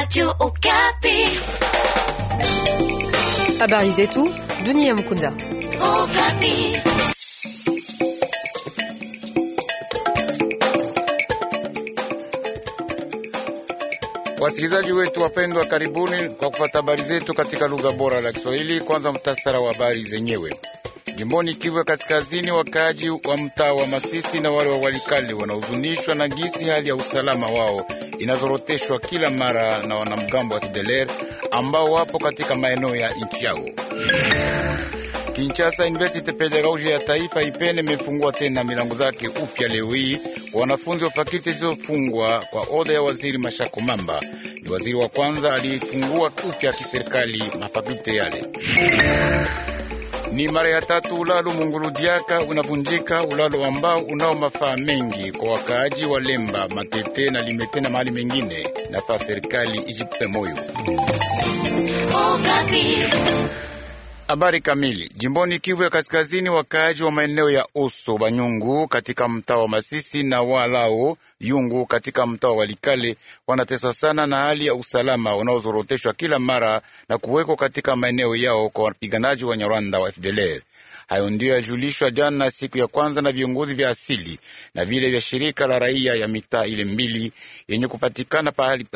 Radio Okapi. Habari zetu Dunia Mkunda. Okapi. Wasikilizaji wetu wapendwa, karibuni kwa kupata habari zetu katika lugha bora la Kiswahili. Kwanza mtasara wa habari zenyewe. Jimboni Kivu ya Kaskazini, wakaaji wa mtaa wa Masisi na wale wa Walikale wanahuzunishwa na gisi hali ya usalama wao inazoroteshwa kila mara na wanamgambo wa Tideler ambao wapo katika maeneo ya nchi yao. Kinshasa, Universite Pedagogia ya Taifa Ipene imefungua tena milango zake upya leo hii kwa wanafunzi wa fakulti zilizofungwa kwa oda ya waziri Mashako Mamba. Ni waziri wa kwanza aliyefungua upya kiserikali mafakulti yale. Ni mara ya tatu ulalo Munguludiaka unavunjika, ulalo ambao unao mafaa mengi kwa wakaaji wa Lemba, Matete na Limete na mahali mengine. Nafaa serikali ijipe moyo. Oh, Habari kamili jimboni Kivu ya Kaskazini, wakaaji wa maeneo ya Oso Banyungu katika mtaa wa Masisi na Walao Yungu katika mtaa wa Likale wanateswa sana na hali ya usalama unaozoroteshwa kila mara na kuwekwa katika maeneo yao kwa wapiganaji wa Nyarwanda wa FDLR. Hayo ndiyo yajulishwa jana siku ya kwanza na viongozi vya asili na vile vya shirika la raia ya mitaa ile mbili yenye kupatikana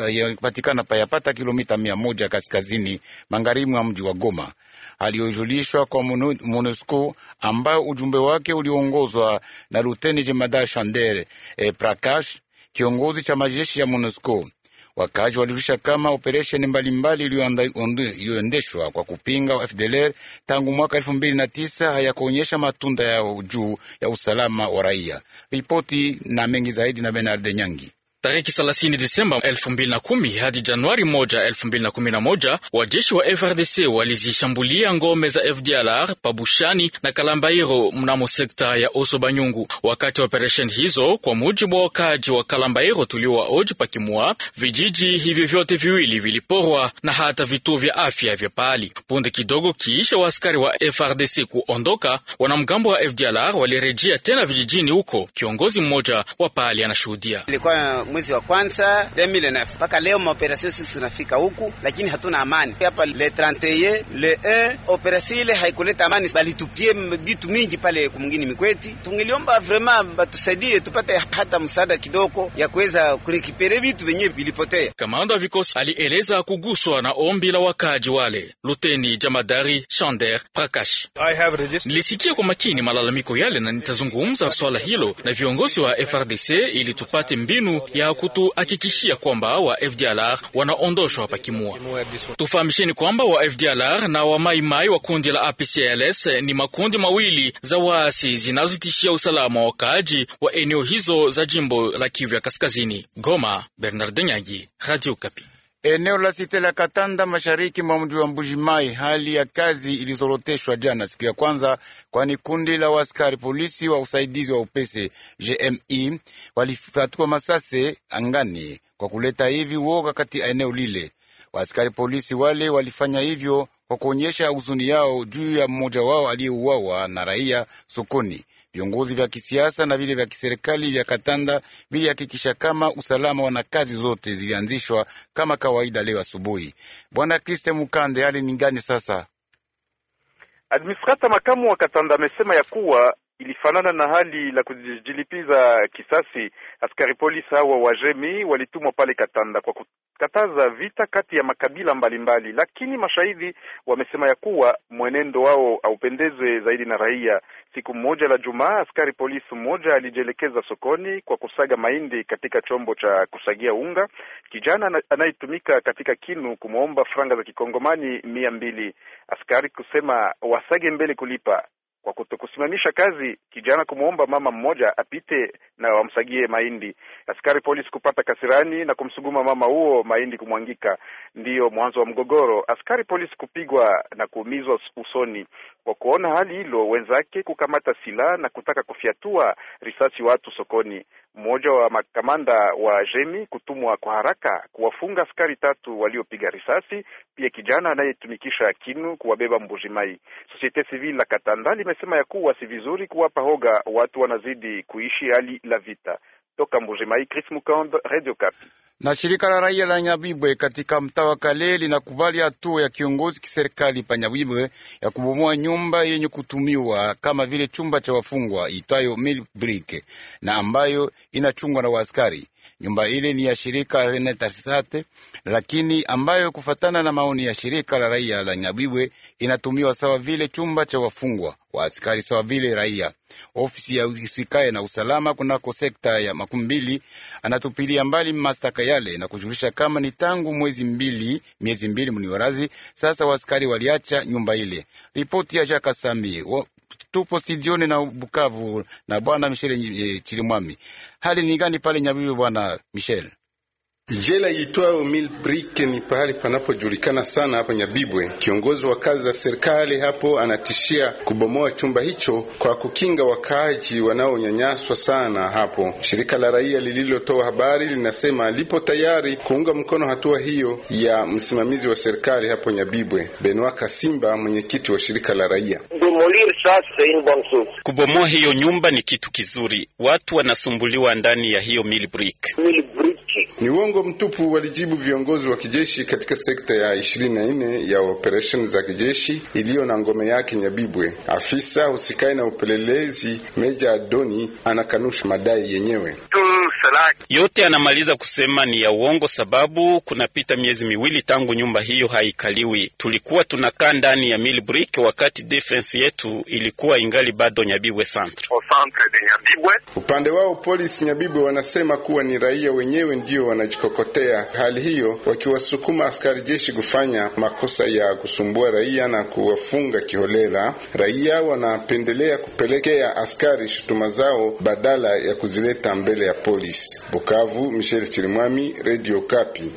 yenye kupatikana payapata kilomita mia moja kaskazini magharibi mwa mji wa Goma aliyojulishwa kwa MONUSCO ambayo ujumbe wake uliongozwa na luteni jemadari Shandere e eh, Prakash, kiongozi cha majeshi ya MONUSCO. wakaji walirusha kama operesheni mbalimbali iliyoendeshwa kwa kupinga wa FDLR tangu mwaka elfu mbili na tisa hayakuonyesha matunda ya juu ya usalama wa raia. Ripoti na mengi zaidi na Benard Nyangi. Tariki 30 Disemba 2010 hadi Januari 1, 2011 wajeshi wa FRDC walizishambulia ngome za FDLR Pabushani na Kalambairo mnamo sekta ya Oso Banyungu. Wakati wa operesheni hizo, kwa mujibu wa wakaji wa Kalambairo oji pakimua vijiji hivyo vyote viwili viliporwa na hata vituo vya afya vya pali. Punde kidogo kiisha waaskari wa FRDC kuondoka, wanamgambo wa FDLR walirejea tena vijijini huko. Kiongozi mmoja wa pali anashuhudia mwezi wa kwanza 2009 mpaka leo maoperasio sisi tunafika huku, lakini hatuna amani hapa. Le 31 le 1 operasio ile haikuleta amani, balitupie bitu mingi pale kumungini Mikweti. Tungeliomba vraiment batusaidie tupate hata msaada kidogo ya kuweza kurekipere vitu vyenye vilipotea. Kamanda wa vikosi alieleza kuguswa na ombi la wakaji wale. Luteni Jamadari Chander Prakash: nilisikia kwa makini malalamiko yale na nitazungumza swala hilo na viongozi wa FRDC ili tupate mbinu ya ya kutuhakikishia kwamba wa FDLR wanaondoshwa hapa Kimua. Tufahamisheni kwamba wa FDLR na wa Mai wa kundi la APCLS ni makundi mawili za waasi zinazotishia usalama wa wakaaji wa eneo hizo za jimbo la Kivu ya Kaskazini. Goma, Bernard Nyangi, Radio Kapi eneo la site la Katanda mashariki mwa mji wa Mbujimai. Hali ya kazi ilizoroteshwa jana siku ya kwanza, kwani kundi la waskari polisi wa usaidizi wa upese JME walifatua masase angani kwa kuleta hivi woga kati ya eneo lile. Waaskari polisi wale walifanya hivyo kwa kuonyesha huzuni yao juu ya mmoja wao aliyeuawa na raia sokoni. Viongozi vya kisiasa na vile vya kiserikali vya Katanda vilihakikisha kama usalama wa kazi zote zilianzishwa kama kawaida leo asubuhi. Bwana Kriste Mukande, hali ni gani sasa? Administrata makamu wa Katanda amesema ya kuwa ilifanana na hali la kujilipiza kisasi. Askari polisi hawa wajemi walitumwa pale Katanda kwa kukataza vita kati ya makabila mbalimbali mbali. Lakini mashahidi wamesema ya kuwa mwenendo wao haupendezwe zaidi na raia. Siku mmoja la Jumaa, askari polisi mmoja alijielekeza sokoni kwa kusaga mahindi katika chombo cha kusagia unga. Kijana anayetumika katika kinu kumwomba franga za kikongomani mia mbili askari kusema wasage mbele kulipa kwa kutokusimamisha kazi kijana kumwomba mama mmoja apite na wamsagie mahindi, askari polisi kupata kasirani na kumsuguma mama huo, mahindi kumwangika, ndiyo mwanzo wa mgogoro, askari polisi kupigwa na kuumizwa usoni. Kwa kuona hali hilo, wenzake kukamata silaha na kutaka kufyatua risasi watu sokoni. Mmoja wa makamanda wa jemi kutumwa kwa haraka kuwafunga askari tatu waliopiga risasi, pia kijana anayetumikisha kinu kuwabeba Mbujimai. Sosiete Sivil la Katanda limesema ya kuwa si vizuri kuwapa hoga watu wanazidi kuishi hali la vita. Toka Mbujimai, Chris Mukand, Radio Kapi. Na shirika la raia la Nyabibwe katika mtaa wa Kale linakubali hatua ya kiongozi kiserikali pa Nyabibwe ya kubomoa nyumba yenye kutumiwa kama vile chumba cha wafungwa itwayo milbrik na ambayo inachungwa na waaskari. Nyumba ile ni ya shirika renetasate lakini ambayo kufatana na maoni ya shirika la raia la Nyabibwe inatumiwa sawa vile chumba cha wafungwa wa askari sawa vile raia. Ofisi ya usikae na usalama kunako sekta ya makumi mbili anatupilia mbali mastaka yale na kujulisha kama ni tangu mwezi mbili miezi mbili mniwarazi sasa, waaskari waliacha nyumba ile. Ripoti ya Jaka Sambi tupo studioni na Bukavu na bwana Michel eh, Chirimwami. Hali ni gani pale Nyabibi, bwana Michel? Jela iitwayo Millbrick ni pahali panapojulikana sana hapa Nyabibwe. Kiongozi wa kazi za serikali hapo anatishia kubomoa chumba hicho kwa kukinga wakaaji wanaonyanyaswa sana hapo. Shirika la raia lililotoa habari linasema lipo tayari kuunga mkono hatua hiyo ya msimamizi wa serikali hapo Nyabibwe, Benoit Kasimba, mwenyekiti wa shirika la raia. Kubomoa hiyo nyumba ni kitu kizuri, watu wanasumbuliwa ndani ya hiyo Mil Millbrick ni uongo mtupu, walijibu viongozi wa kijeshi katika sekta ya 24 ya operation za kijeshi iliyo na ngome yake Nyabibwe. Afisa usikae na upelelezi Meja Adoni anakanusha madai yenyewe yote anamaliza kusema ni ya uongo, sababu kunapita miezi miwili tangu nyumba hiyo haikaliwi. Tulikuwa tunakaa ndani ya Milbrick wakati defense yetu ilikuwa ingali bado Nyabibwe centre. Upande wao polisi Nyabibwe wanasema kuwa ni raia wenyewe ndio wanajikokotea hali hiyo, wakiwasukuma askari jeshi kufanya makosa ya kusumbua raia na kuwafunga kiholela. Raia wanapendelea kupelekea askari shutuma zao badala ya kuzileta mbele ya polisi. Bukavu, Michel Chirimwami, Radio Kapi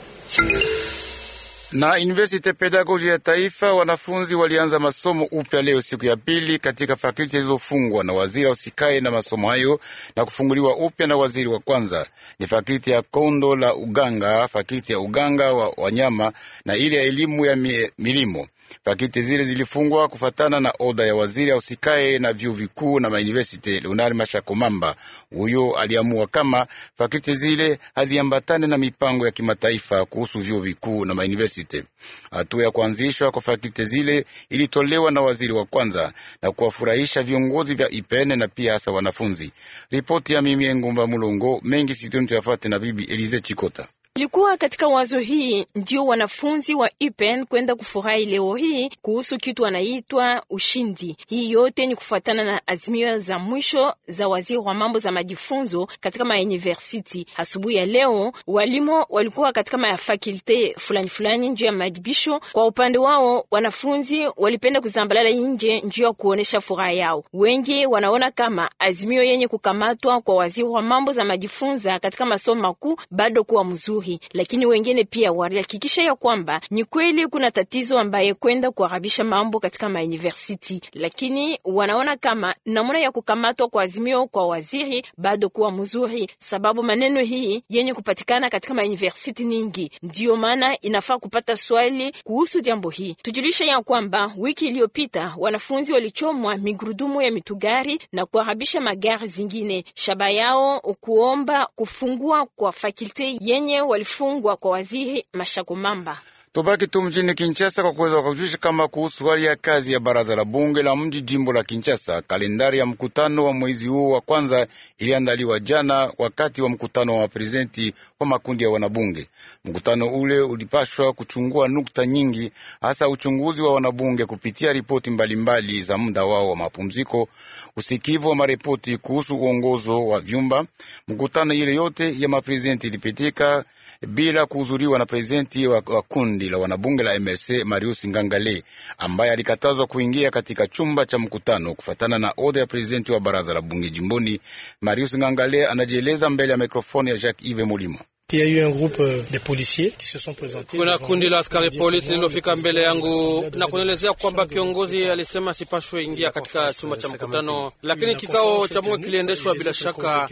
na Universite Pedagoji ya Taifa, wanafunzi walianza masomo upya leo siku ya pili katika fakulti zilizofungwa na waziri usikae na masomo hayo na kufunguliwa upya na waziri wa kwanza ni fakulti ya kondo la uganga, fakulti ya uganga wa wanyama na ile ya elimu ya milimo. Pakiti zile zilifungwa kufatana na oda ya waziri ausikae na vyuo vikuu na mauniversite Leonard mashakomamba Huyo aliamua kama pakiti zile haziambatane na mipango ya kimataifa kuhusu vyuo vikuu na mauniversite. Hatua ya kuanzishwa kwa fakulte zile ilitolewa na waziri wa kwanza na kuwafurahisha viongozi vya IPN na pia hasa wanafunzi. Ripoti ya Mimie Ngumba Mulongo mengi situni tuyafate na bibi Elize Chikota. Ilikuwa katika wazo hii ndio wanafunzi wa IPEN kwenda kufurahi leo hii kuhusu kitu anaitwa ushindi. Hii yote ni kufuatana na azimio za mwisho za waziri wa mambo za majifunzo katika mauniversiti Asubuhi ya leo walimu walikuwa katika mafakulte fulani fulani njuu ya majibisho. Kwa upande wao, wanafunzi walipenda kuzambalala nje njuu ya kuonesha furaha yao. Wengi wanaona kama azimio yenye kukamatwa kwa waziri wa mambo za majifunza katika masomo makuu bado kuwa mzuri asubuhi, lakini wengine pia walihakikisha ya kwamba ni kweli kuna tatizo ambaye kwenda kuharabisha mambo katika mauniversiti lakini wanaona kama namna ya kukamatwa kwa azimio kwa waziri bado kuwa mzuri, sababu maneno hii yenye kupatikana katika mauniversiti nyingi. Ndiyo maana inafaa kupata swali kuhusu jambo hii. Tujulishe ya kwamba wiki iliyopita wanafunzi walichomwa migurudumu ya mitugari na kuharabisha magari zingine, shaba yao kuomba kufungua kwa fakulte yenye wali walifungwa kwa waziri Mashagomamba. Tubaki tu mjini Kinshasa kwa kuweza kujulisha kama kuhusu hali ya kazi ya baraza la bunge la mji jimbo la Kinshasa. Kalendari ya mkutano wa mwezi huu wa kwanza iliandaliwa jana wakati wa mkutano wa waprezidenti wa makundi ya wanabunge. Mkutano ule ulipashwa kuchungua nukta nyingi, hasa uchunguzi wa wanabunge kupitia ripoti mbalimbali mbali za muda wao wa mapumziko, usikivu wa maripoti kuhusu uongozo wa vyumba. Mkutano ile yote ya maprezidenti ilipitika bila kuhudhuriwa na prezidenti wa, wa kundi la wanabunge la MLC Marius Ngangale ambaye alikatazwa kuingia katika chumba cha mkutano kufatana na oda ya prezidenti wa baraza la bunge jimboni. Marius Ngangale anajieleza mbele ya mikrofoni ya Jacques Ive Mulimo. Pia hiyo groupe de policiers qui se sont presentés. Kuna kundi la askari polisi lilofika mbele yangu na kunielezea kwamba kiongozi alisema sipashwe ingia katika chumba cha mkutano, lakini kikao cha bunge kiliendeshwa bila shaka.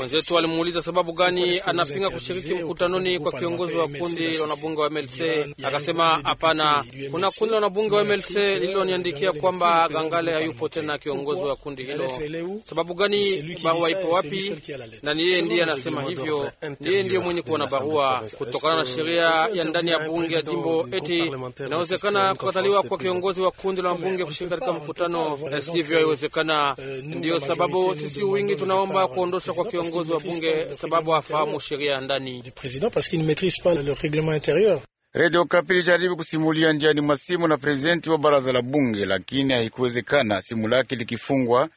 Wenzetu walimuuliza sababu gani anapinga kushiriki mkutanoni kwa kiongozi wa kundi la wanabunge wa MLC, akasema hapana, kuna kundi la wanabunge wa MLC lililoniandikia kwamba Gangale hayupo tena kiongozi wa kundi hilo. Sababu gani? Barua ipo wapi? Na ni yeye ndiye anasema hivyo, ndiye ndiye mwenye kuwa na barua kutokana na sheria ya ndani ya bunge ya jimbo, eti inawezekana kukataliwa kwa kiongozi wa kundi la bunge kushiriki katika mkutano, sivyo? Haiwezekana. Ndiyo sababu sisi wingi tunaomba kuondoshwa kwa kiongozi wa bunge, sababu hafahamu sheria ya ndani. Redio Kapi ilijaribu kusimulia njiani mwa simu na prezidenti wa baraza la bunge, lakini haikuwezekana, simu lake likifungwa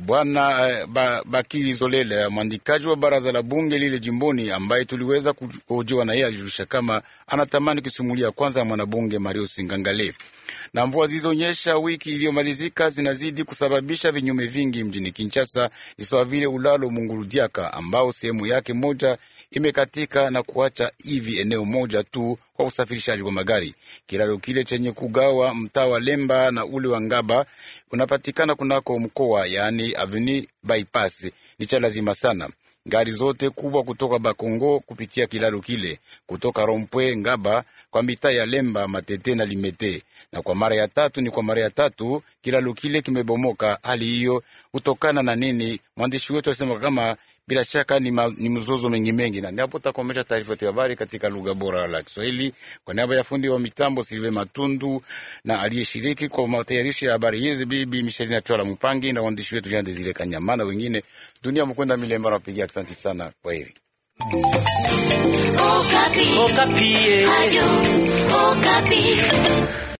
Bwana eh, ba, Bakili Zolele, mwandikaji wa baraza la bunge lile jimboni, ambaye tuliweza kuhojiwa na yeye, alijulisha kama anatamani kusimulia kwanza ya mwanabunge Mario Singangale. Na mvua zilizonyesha wiki iliyomalizika zinazidi kusababisha vinyume vingi mjini Kinshasa, isawa vile ulalo mungurudiaka ambao sehemu yake moja imekatika na kuacha hivi eneo moja tu kwa usafirishaji wa magari. Kilalo kile chenye kugawa mtaa wa Lemba na ule wa Ngaba unapatikana kunako mkoa, yaani aveni bypass, ni cha lazima sana gari zote kubwa kutoka Bakongo kupitia kilalo kile kutoka Rompwe Ngaba kwa mitaa ya Lemba, Matete na Limete. Na kwa mara ya tatu ni kwa mara ya tatu kilalo kile kimebomoka. Hali hiyo hutokana na nini? Mwandishi wetu alisema kama bila shaka ni, ma, ni mzozo mengi mengi, na ndipo takomesha taarifa yetu ya habari katika lugha bora la Kiswahili kwa niaba ya fundi wa mitambo Silve Matundu na aliyeshiriki kwa matayarisho ya habari hizi bibi Michelina Twala Mpangi na waandishi wetu Jean Desire Kanyama na wengine. Dunia Mkwenda Milemba nawapigia asante sana, kwa heri. Okapi. Oh, Okapi. Oh, eh.